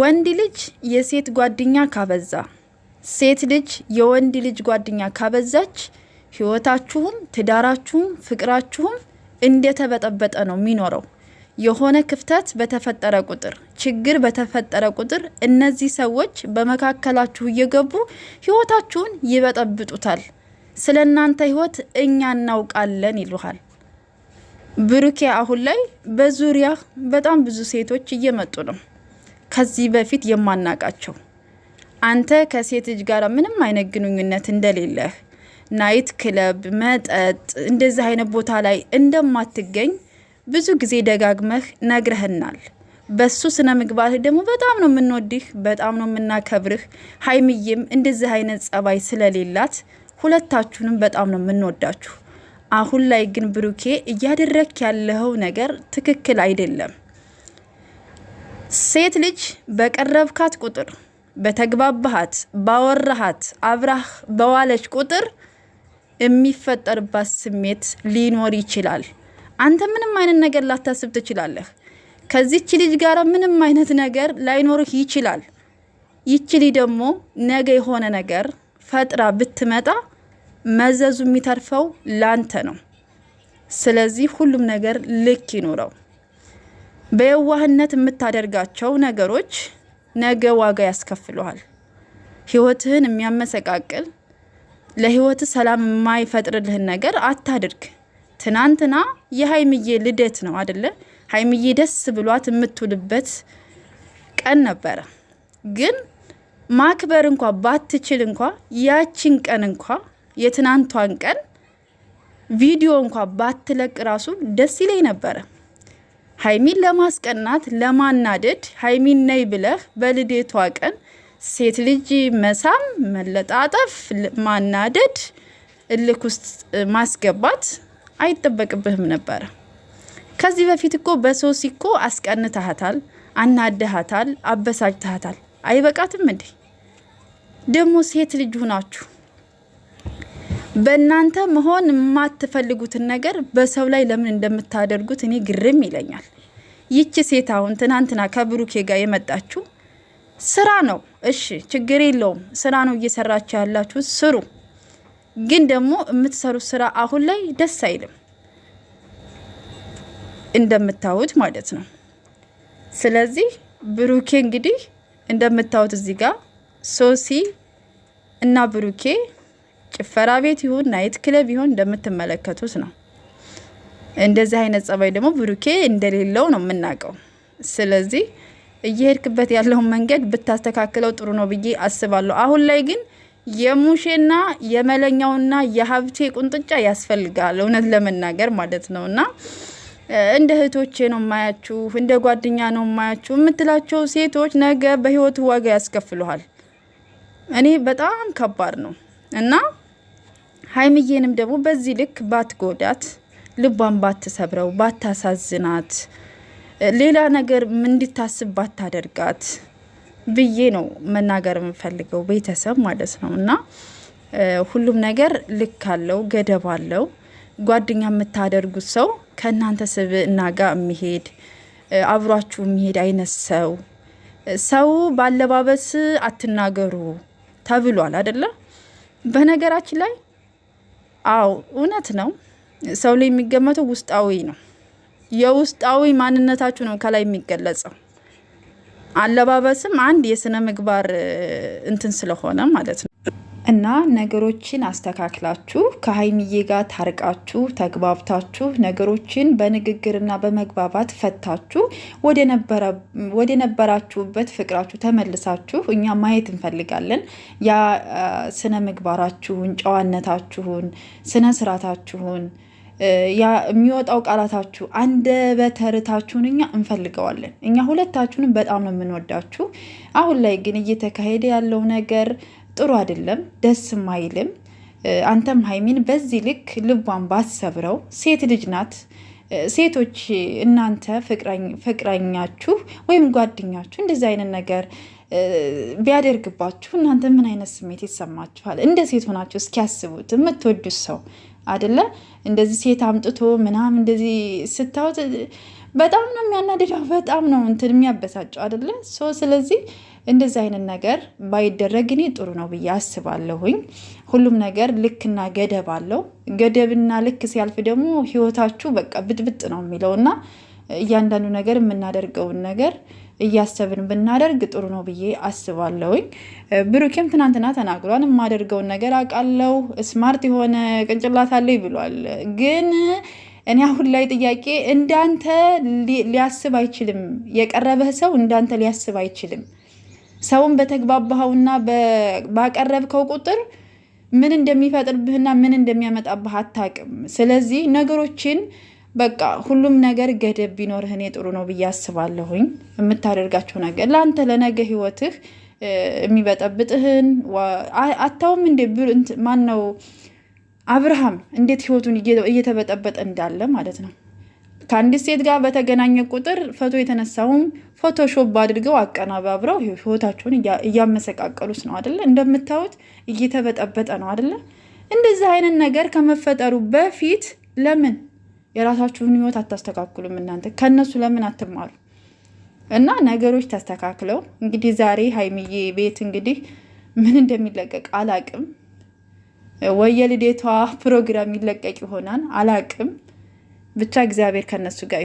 ወንድ ልጅ የሴት ጓደኛ ካበዛ፣ ሴት ልጅ የወንድ ልጅ ጓደኛ ካበዛች ህይወታችሁም ትዳራችሁም ፍቅራችሁም እንደተበጠበጠ ነው የሚኖረው። የሆነ ክፍተት በተፈጠረ ቁጥር፣ ችግር በተፈጠረ ቁጥር እነዚህ ሰዎች በመካከላችሁ እየገቡ ህይወታችሁን ይበጠብጡታል። ስለ እናንተ ህይወት እኛ እናውቃለን ይሉሃል። ብሩኬ፣ አሁን ላይ በዙሪያ በጣም ብዙ ሴቶች እየመጡ ነው ከዚህ በፊት የማናቃቸው አንተ ከሴት ልጅ ጋር ምንም አይነት ግንኙነት እንደሌለህ ናይት ክለብ፣ መጠጥ፣ እንደዚህ አይነት ቦታ ላይ እንደማትገኝ ብዙ ጊዜ ደጋግመህ ነግረህናል። በሱ ስነ ምግባርህ ደግሞ በጣም ነው የምንወድህ፣ በጣም ነው የምናከብርህ። ሀይምዬም እንደዚህ አይነት ጸባይ ስለሌላት ሁለታችሁንም በጣም ነው የምንወዳችሁ። አሁን ላይ ግን ብሩኬ እያደረክ ያለኸው ነገር ትክክል አይደለም። ሴት ልጅ በቀረብካት ቁጥር በተግባባሃት ባወራሃት አብራህ በዋለች ቁጥር የሚፈጠርባት ስሜት ሊኖር ይችላል። አንተ ምንም አይነት ነገር ላታስብ ትችላለህ። ከዚች ልጅ ጋር ምንም አይነት ነገር ላይኖርህ ይችላል። ይች ልጅ ደግሞ ነገ የሆነ ነገር ፈጥራ ብትመጣ መዘዙ የሚተርፈው ላንተ ነው። ስለዚህ ሁሉም ነገር ልክ ይኑረው። በየዋህነት የምታደርጋቸው ነገሮች ነገ ዋጋ ያስከፍለዋል። ህይወትህን የሚያመሰቃቅል ለህይወት ሰላም የማይፈጥርልህን ነገር አታድርግ። ትናንትና የሀይምዬ ልደት ነው አደለ? ሀይምዬ ደስ ብሏት የምትውልበት ቀን ነበረ። ግን ማክበር እንኳ ባትችል እንኳ ያቺን ቀን እንኳ የትናንቷን ቀን ቪዲዮ እንኳ ባትለቅ ራሱ ደስ ይለኝ ነበረ። ሀይሚን ለማስቀናት ለማናደድ ሀይሚን ነይ ብለህ በልዴቷ ቀን ሴት ልጅ መሳም፣ መለጣጠፍ፣ ማናደድ፣ እልክ ውስጥ ማስገባት አይጠበቅብህም ነበረ። ከዚህ በፊት እኮ በሶሲ እኮ አስቀንተሃታል፣ አናደሃታል፣ አበሳጭተሃታል። አይበቃትም እንዴ? ደግሞ ሴት ልጅ ሁናችሁ በእናንተ መሆን የማትፈልጉትን ነገር በሰው ላይ ለምን እንደምታደርጉት እኔ ግርም ይለኛል። ይቺ ሴት አሁን ትናንትና ከብሩኬ ጋር የመጣችሁ ስራ ነው። እሺ ችግር የለውም ስራ ነው እየሰራችሁ ያላችሁ ስሩ። ግን ደግሞ የምትሰሩት ስራ አሁን ላይ ደስ አይልም እንደምታዩት ማለት ነው። ስለዚህ ብሩኬ እንግዲህ እንደምታዩት እዚህ ጋር ሶሲ እና ብሩኬ ጭፈራ ቤት ይሁን ናይት ክለብ ይሁን እንደምትመለከቱት ነው። እንደዚህ አይነት ጸባይ ደግሞ ብሩኬ እንደሌለው ነው የምናውቀው። ስለዚህ እየሄድክበት ያለውን መንገድ ብታስተካክለው ጥሩ ነው ብዬ አስባለሁ። አሁን ላይ ግን የሙሼና የመለኛውና የሀብቴ ቁንጥጫ ያስፈልጋል እውነት ለመናገር ማለት ነው እና እንደ እህቶቼ ነው ማያችሁ፣ እንደ ጓደኛ ነው ማያችሁ የምትላቸው ሴቶች ነገ በህይወት ዋጋ ያስከፍሉሃል። እኔ በጣም ከባድ ነው እና ሀይምዬንም ደግሞ በዚህ ልክ ባትጎዳት፣ ልቧን ባትሰብረው፣ ባታሳዝናት፣ ሌላ ነገር እንድታስብ ባታደርጋት ብዬ ነው መናገር የምፈልገው ቤተሰብ ማለት ነው። እና ሁሉም ነገር ልክ አለው፣ ገደብ አለው። ጓደኛ የምታደርጉት ሰው ከእናንተ ስብዕና ጋር የሚሄድ አብሯችሁ የሚሄድ አይነት ሰው ሰው በአለባበስ አትናገሩ ተብሏል አይደለም በነገራችን ላይ አዎ እውነት ነው። ሰው ላይ የሚገመተው ውስጣዊ ነው። የውስጣዊ ማንነታችሁ ነው ከላይ የሚገለጸው። አለባበስም አንድ የስነ ምግባር እንትን ስለሆነ ማለት ነው። እና ነገሮችን አስተካክላችሁ ከሀይሚዬ ጋር ታርቃችሁ ተግባብታችሁ ነገሮችን በንግግርና በመግባባት ፈታችሁ ወደ ነበራችሁበት ፍቅራችሁ ተመልሳችሁ እኛ ማየት እንፈልጋለን። ያ ስነ ምግባራችሁን፣ ጨዋነታችሁን፣ ስነ ስርዓታችሁን የሚወጣው ቃላታችሁ አንደ በተርታችሁን እኛ እንፈልገዋለን። እኛ ሁለታችሁንም በጣም ነው የምንወዳችሁ። አሁን ላይ ግን እየተካሄደ ያለው ነገር ጥሩ አይደለም፣ ደስም አይልም። አንተም ሀይሚን በዚህ ልክ ልቧን ባሰብረው። ሴት ልጅ ናት። ሴቶች እናንተ ፍቅረኛችሁ ወይም ጓደኛችሁ እንደዚህ አይነት ነገር ቢያደርግባችሁ እናንተ ምን አይነት ስሜት ይሰማችኋል? እንደ ሴት ሆናችሁ እስኪያስቡት የምትወዱት ሰው አደለ እንደዚህ ሴት አምጥቶ ምናምን እንደዚህ ስታወት በጣም ነው የሚያናድደው። በጣም ነው እንትን የሚያበሳጨው አደለ ሶ ስለዚህ እንደዚህ አይነት ነገር ባይደረግ እኔ ጥሩ ነው ብዬ አስባለሁኝ። ሁሉም ነገር ልክና ገደብ አለው። ገደብና ልክ ሲያልፍ ደግሞ ህይወታችሁ በቃ ብጥብጥ ነው የሚለው እና እያንዳንዱ ነገር የምናደርገውን ነገር እያሰብን ብናደርግ ጥሩ ነው ብዬ አስባለሁኝ። ብሩኬም ትናንትና ተናግሯል። የማደርገውን ነገር አውቃለሁ፣ ስማርት የሆነ ቅንጭላት አለኝ ብሏል። ግን እኔ አሁን ላይ ጥያቄ እንዳንተ ሊያስብ አይችልም። የቀረበህ ሰው እንዳንተ ሊያስብ አይችልም። ሰውን በተግባባኸውና ባቀረብከው ቁጥር ምን እንደሚፈጥርብህና ምን እንደሚያመጣብህ አታውቅም። ስለዚህ ነገሮችን በቃ ሁሉም ነገር ገደብ ቢኖርህ እኔ ጥሩ ነው ብዬ አስባለሁኝ። የምታደርጋቸው ነገር ለአንተ ለነገ ህይወትህ የሚበጠብጥህን አታውም እንደ ማን ነው አብርሃም እንዴት ህይወቱን እየተበጠበጠ እንዳለ ማለት ነው። ከአንዲት ሴት ጋር በተገናኘ ቁጥር ፎቶ የተነሳውም ፎቶሾፕ አድርገው አቀናባብረው ህይወታቸውን እያመሰቃቀሉት ነው አደለ? እንደምታዩት እየተበጠበጠ ነው አደለ? እንደዚህ አይነት ነገር ከመፈጠሩ በፊት ለምን የራሳችሁን ህይወት አታስተካክሉም? እናንተ ከእነሱ ለምን አትማሩ? እና ነገሮች ተስተካክለው እንግዲህ ዛሬ ሀይሚዬ ቤት እንግዲህ ምን እንደሚለቀቅ አላቅም። ወይ የልደቷ ፕሮግራም ይለቀቅ ይሆናል አላቅም። ብቻ እግዚአብሔር ከነሱ ጋር